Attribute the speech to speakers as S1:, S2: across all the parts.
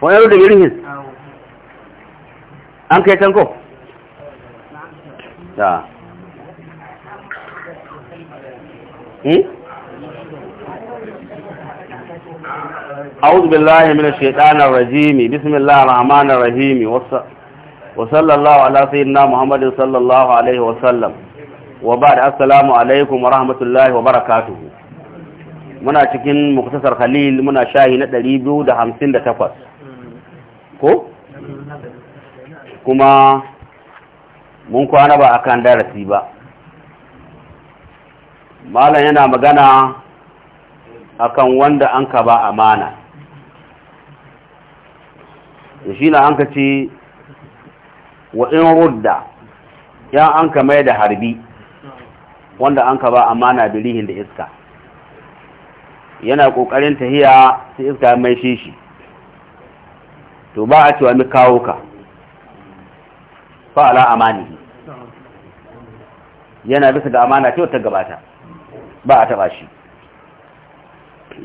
S1: wani da girhin an kai tanko ta أعوذ بالله من الشيطان الرجيم بسم الله الرحمن الرحيم وصلى الله على سيدنا محمد صلى الله عليه وسلم وبعد السلام عليكم ورحمة الله وبركاته muna cikin muktasar khalil muna shayi na 258 ko kuma mun kwana ba akan darasi ba malam yana magana akan wanda an ka ba amana da shi na an ka ce wa in rudda ya an ka mai da harbi wanda an ka ba amana birihin da iska yana ƙoƙarin tahiya sai iska mai shi shi to ba a cewa mi kawo ka ala amanihi yana bisa ga amana ce ta gabata ba a taba shi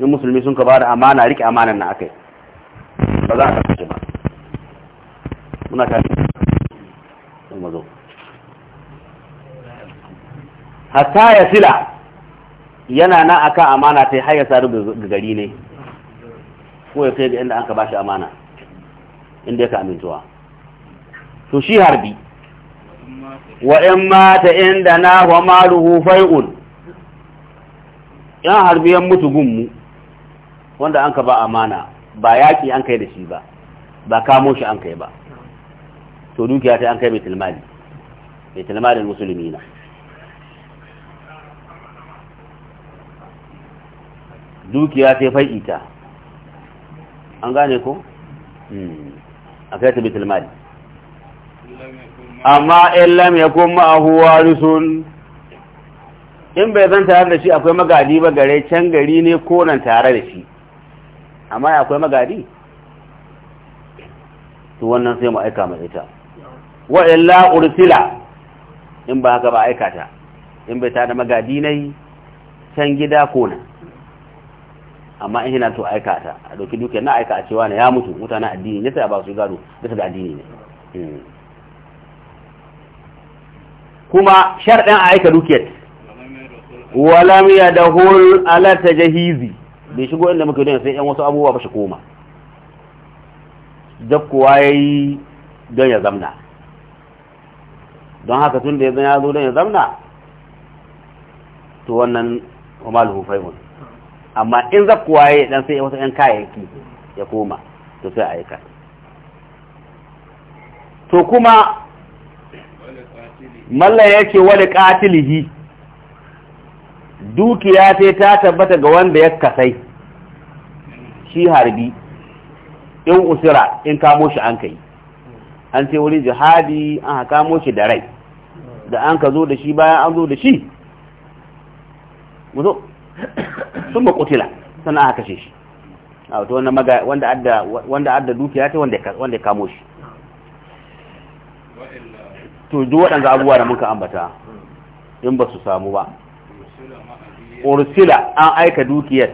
S1: in musulmi sun ka ba da amana rike amanan na akai ba za a taba shi ba muna tafi sun mazo hatta ya sila yana na aka amana ta yi har ya ga gari ne ko ya kai ga inda an ka ba shi amana inda ya tuwa to shi harbi wa in mata inda na wa maluhu fai'un yan harbi yan mutu gunmu wanda an ka ba amana ba yaƙi an kai da shi ba ba kamo shi an kai ba to dukiya ta an kai mai betulmalin musulmi na dukiya ta fai'ita an gane ko? Hmm. a kai ta bitul mali amma in lam yakun ma'ahu warisun in bai zan tare da shi akwai magadi ba gare can gari ne ko nan tare da shi amma akwai magadi to wannan sai mu aika mai ita wa illa ursila in ba haka ba aikata in bai tare magadi nai can gida ko nan amma in yana to aika ta a dauki duke na aika a cewa na ya mutu mutanen addini ne sai ba su gado da su da addini ne hmm. kuma sharɗin a aika dukiyar
S2: walam ya dahul ala
S1: tajahizi bai shigo inda muke don sai yan wasu abubuwa ba shi koma da ya yi don ya zamna don haka tun da ya zo don ya zamna to wannan umaru mun. amma in za ku ya dan sai wasu 'yan kayayyaki ya koma to sai a yi to kuma mallan ya ce wani katilihi dukiya sai ta tabbata ga wanda ya kasai shi harbi in usira in kamo shi an kai an ce wani jihadi an kamo shi da rai da an ka zo da shi bayan an zo da shi sun ba kutila sannan aka kashe shi a ah, wato wanda adda wanda adda dukiya ta wanda ya kamo shi to duk waɗanda abubuwa da muka ambata in ba su samu ba ursila an aika dukiyar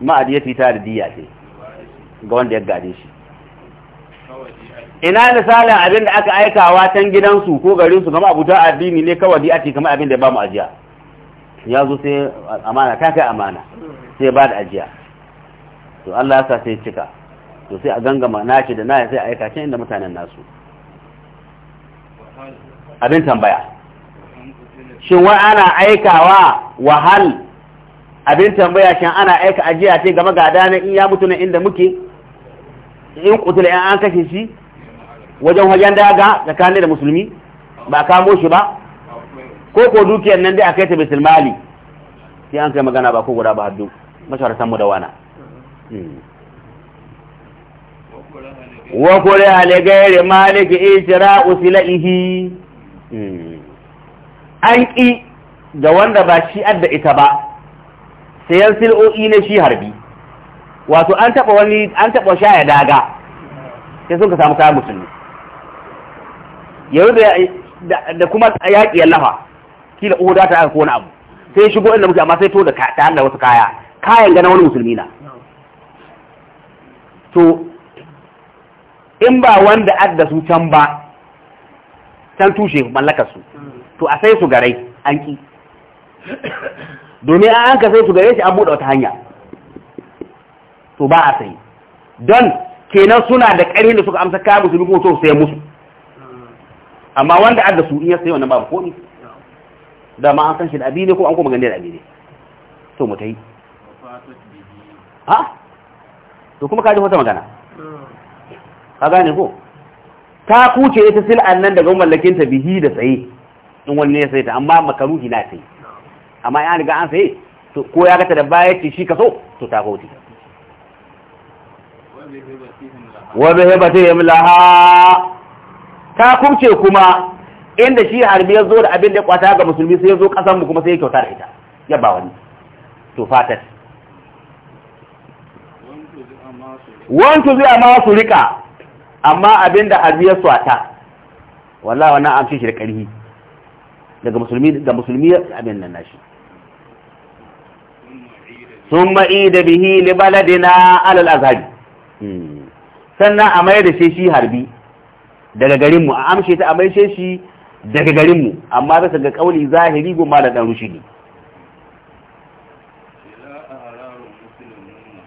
S1: ma'adiyati ta da diya ce ga wanda ya gade shi ina misalin abin da aka aikawa can gidansu ko garinsu kama abuta addini ne kawai diya ce kama abin da ba mu ajiya ya zo sai amana ta kai amana sai ba da ajiya to Allah ya sa sai cika to sai a gangama ce da nashi sai a aika can inda mutanen nasu abin tambaya shin wai ana aikawa wahal abin tambaya shin ana aika ajiya ce game ga dana in ya mutu na inda muke in kutula yan an kashe shi wajen wajen daga tsakanin da musulmi ba kamo shi ba ko ko dukiyar nan dai a kai ta bisul mali sai an kai magana ba ko guda ba haddu mashawartan mu da wana wa kore haligairi maliki ishira ihi. an ƙi ga wanda ba shi adda ita ba sayan sil'o'i na shi harbi wato an taɓa wani an taɓa sha ya daga sai sun ka samu kayan musulmi yau da kuma yaƙi ya lafa kila da ta aka ko abu sai shigo inda muke amma sai to da ta hanyar wasu kaya kayan gana wani musulmi na to in ba wanda adda su can ba can tushe mallakar su to a sai su garai an ki domin an ka sai su gare shi an buɗe wata hanya to ba a sai don kenan suna da ƙarfin da suka amsa kaya musulmi ko to sai musu amma wanda adda su in ya sai wannan babu komi ma an san shi da abi ne ko an kuma gande da abi ne to mu tai ha to kuma kaji wata magana ka gane ko ta kuce ita sil'an nan daga mallakin ta bihi da tsaye in wani ne sai ta amma makaruhi na sai amma ya riga an sai to ko ya gata da baya ce shi kaso to ta kauce wa batihim laha ta kuce kuma inda shi harbi ya zo da abin da ya kwata ga musulmi sai ya zo kasan mu kuma sai ya kyauta da ita ya ba wani to fatat wanto zai amma su rika amma abin da harbi ya swata walla wannan amshi shi da karhi daga musulmi ga musulmi abin nan nashi thumma ida bihi li baladina alal azhar hmm. sannan a mai da shi harbi daga garinmu a amshe ta a mai shi daga garinmu amma bisa ga kauli zahiri goma da dan ne.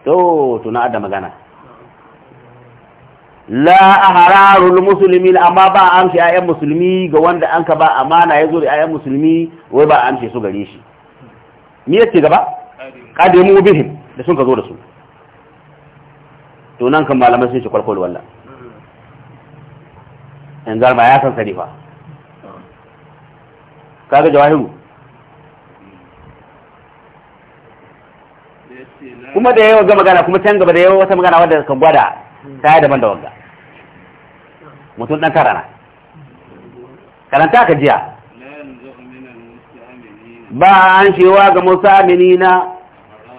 S1: to tuna da magana la ahararul muslimin amma ba amshi ayyan musulmi ga wanda an ka ba amana yazo da ayyan musulmi wai ba amshi su gare shi me yace gaba kadimu bihim da sun ka zo da su to nan kan malamai sun shi kwalkwal wallahi in garba ya san sarifa kaga jawahiru
S2: kuma da yawa ga magana kuma
S1: can gaba da yawa wata magana wadda kan gwada ta yi daban da wanga mutum dan tara na karanta ka jiya ba an shewa ga musaminina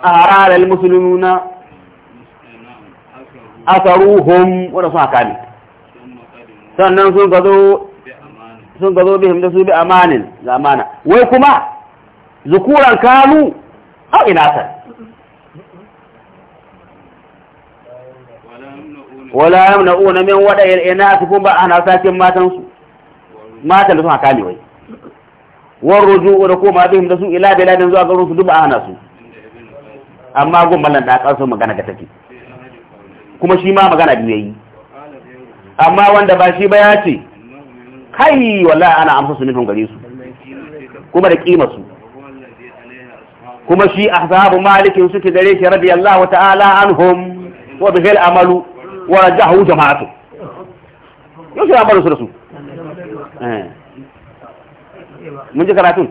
S1: a harar musulmuna tsaruhun wadda sun haka ne sannan sun gazo sun gazo bihim da su bi amanin zamana. wai kuma zukuran kanu a inatan wala una min wada il kun ba ana sakin matan su matan da sun haka ne wai war ruju'u da kuma bihim da su ila biladin zuwa garin su duba ana su amma gun mallan da kan su magana ga take kuma shi ma magana biyu yayi amma wanda ba shi ba ya ce kai wallahi ana amsa su nufin gare su kuma da kima su kuma shi ahzabu malikin suke gare shi radiyallahu ta'ala anhum
S2: wa bihil amalu wa rajahu jama'atu yau shi amalu su da su eh. mun ji karatun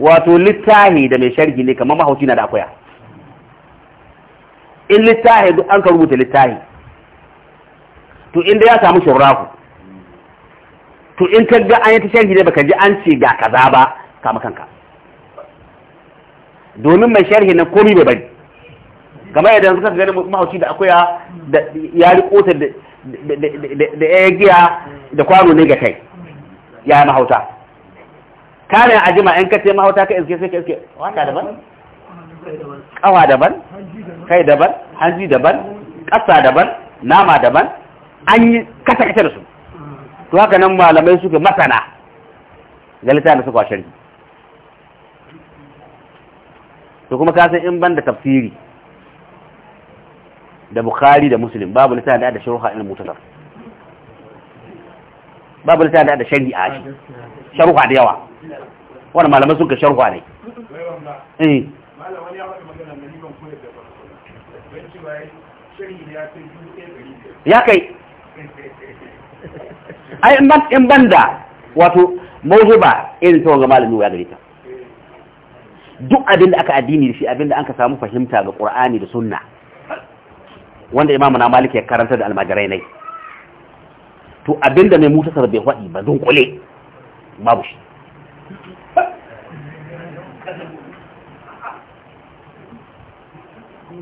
S1: wato littahi da mai sharhi ne kamar mahauci na da akwaya in littahi duk an ka rubuta littahi to inda ya samu shurraku to in ka ga an yi ta sharhi ne baka ji an ce ga kaza ba kama kanka domin mai sharhi na komi bai bari kamar yadda suka gani mahauci da akuya da ya rikota da ya giya da kwano ne ga kai ya yi mahauta kare a jima in ka ce mahauta ka iske sai ka iske waka daban kawa daban kai daban hanji daban ƙasa daban nama daban an yi kasa kasa da su to haka nan malamai suke masana ga littafin suka sharhi to kuma ka san in ban da tafsiri da bukhari da muslim babu littafin da da sharha ilmu mutasar babu littafin da da sharhi a shi sharha da yawa wannan malamai suka sharha ne
S2: eh ya magana ne ban koyar da ba ya kai ai
S1: in ban da banda wato mawhiba irin tawon ga malami ya gare ta duk abin da aka addini da shi abin da an ka samu fahimta ga Qur'ani da Sunna wanda imamu na Malik ya karanta da almajirai nai to abin da mai mutasar bai fadi ba don kule babu shi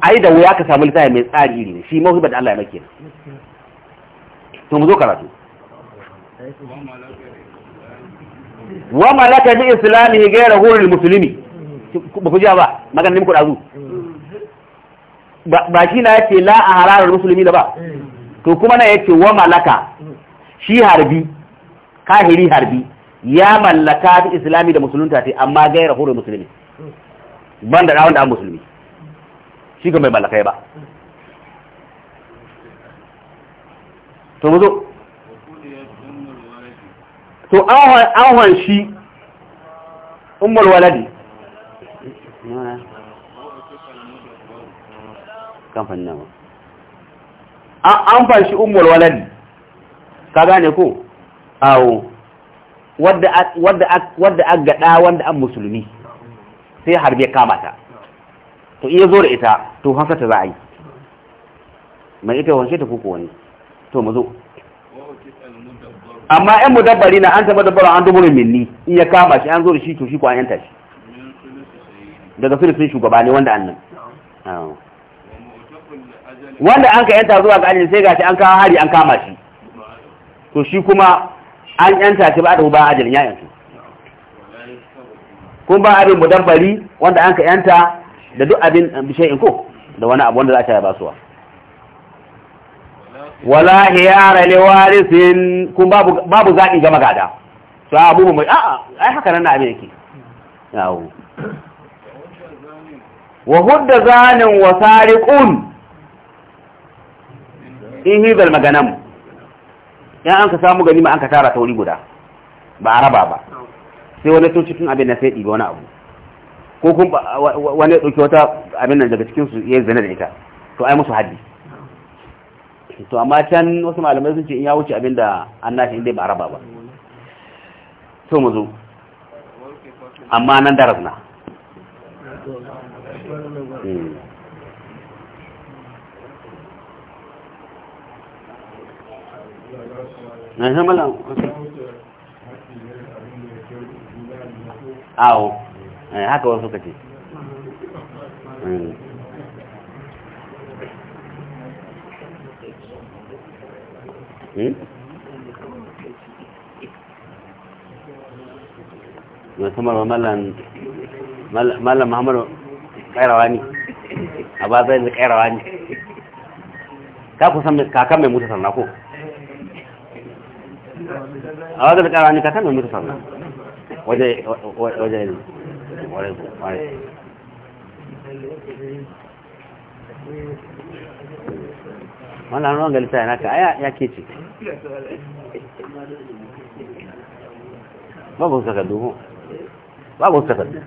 S1: ai da wuya ka samu littafi mai tsari iri ne shi mawhiba da Allah ya make to mu zo karatu wa malaka bi islamihi ghayra hurul muslimi ba ku ji ba maganin ku dazu ba shi na yace la a hararar musulmi da ba to kuma na yace wa malaka shi harbi kahiri harbi ya mallaka bi islami da musulunta ta amma ghayra hurul muslimi ban da wanda an musulmi shi ga mai mallakai ba to mu zo to an shi umar waladi an fanshi umar waladi ka gane ko awo wadda a gada wanda an musulmi sai harbe kamata to iya zo da ita to hankata za a yi mai ita wanshe ta kuka wani to mazo amma yan mudabbari na an taba dabbara an duburin minni in ya kama shi an zo da shi to shi an yanta shi daga filifin shugaba ne wanda annan wanda an ka yanta zuwa ga ajin sai gashi an kawo hari an kama shi to shi kuma an yanta shi ba da ba ajin ya yanta kun ba abin mudabbari wanda an ka yanta da duk abin bishayin ko da wani abu wanda za a shaya basuwa wala hiyara li warisin kun babu babu zabi ga magada to abu mai a'a ai haka nan abin yake yawo wa hudda zanin wa sariqun in hibal maganam ya an ka samu gani ma an ka tara tauri guda ba araba ba sai wani tun cikin abin na sai diba wani abu ko kun wani dauki wata abin nan daga cikin su yayin zina da ita to ai musu haddi to amma can wasu malamai sun ce in ya wuce abinda an nashi inda ba raba ba to mu zo amma nan daras na
S2: hmm.
S1: eh, haka wasu kace
S2: Eh? na samar wa mallan
S1: muhammadu kairawa ne a ba zai da kairawa ne ta kusan kakan mai mutu sarna ko
S2: a wajen da kairawa ne kakan
S1: mai mutu sarna waje ne waje waje galita yana ka aya ya ke ce babu takardu ko babu takardu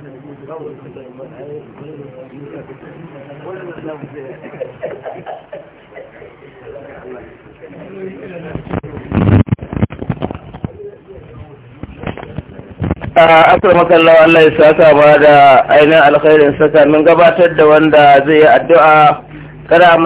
S2: akar makallawa Allah ya saka ba da ainihin alkhairin saka min gabatar da wanda zai yi addu'a kada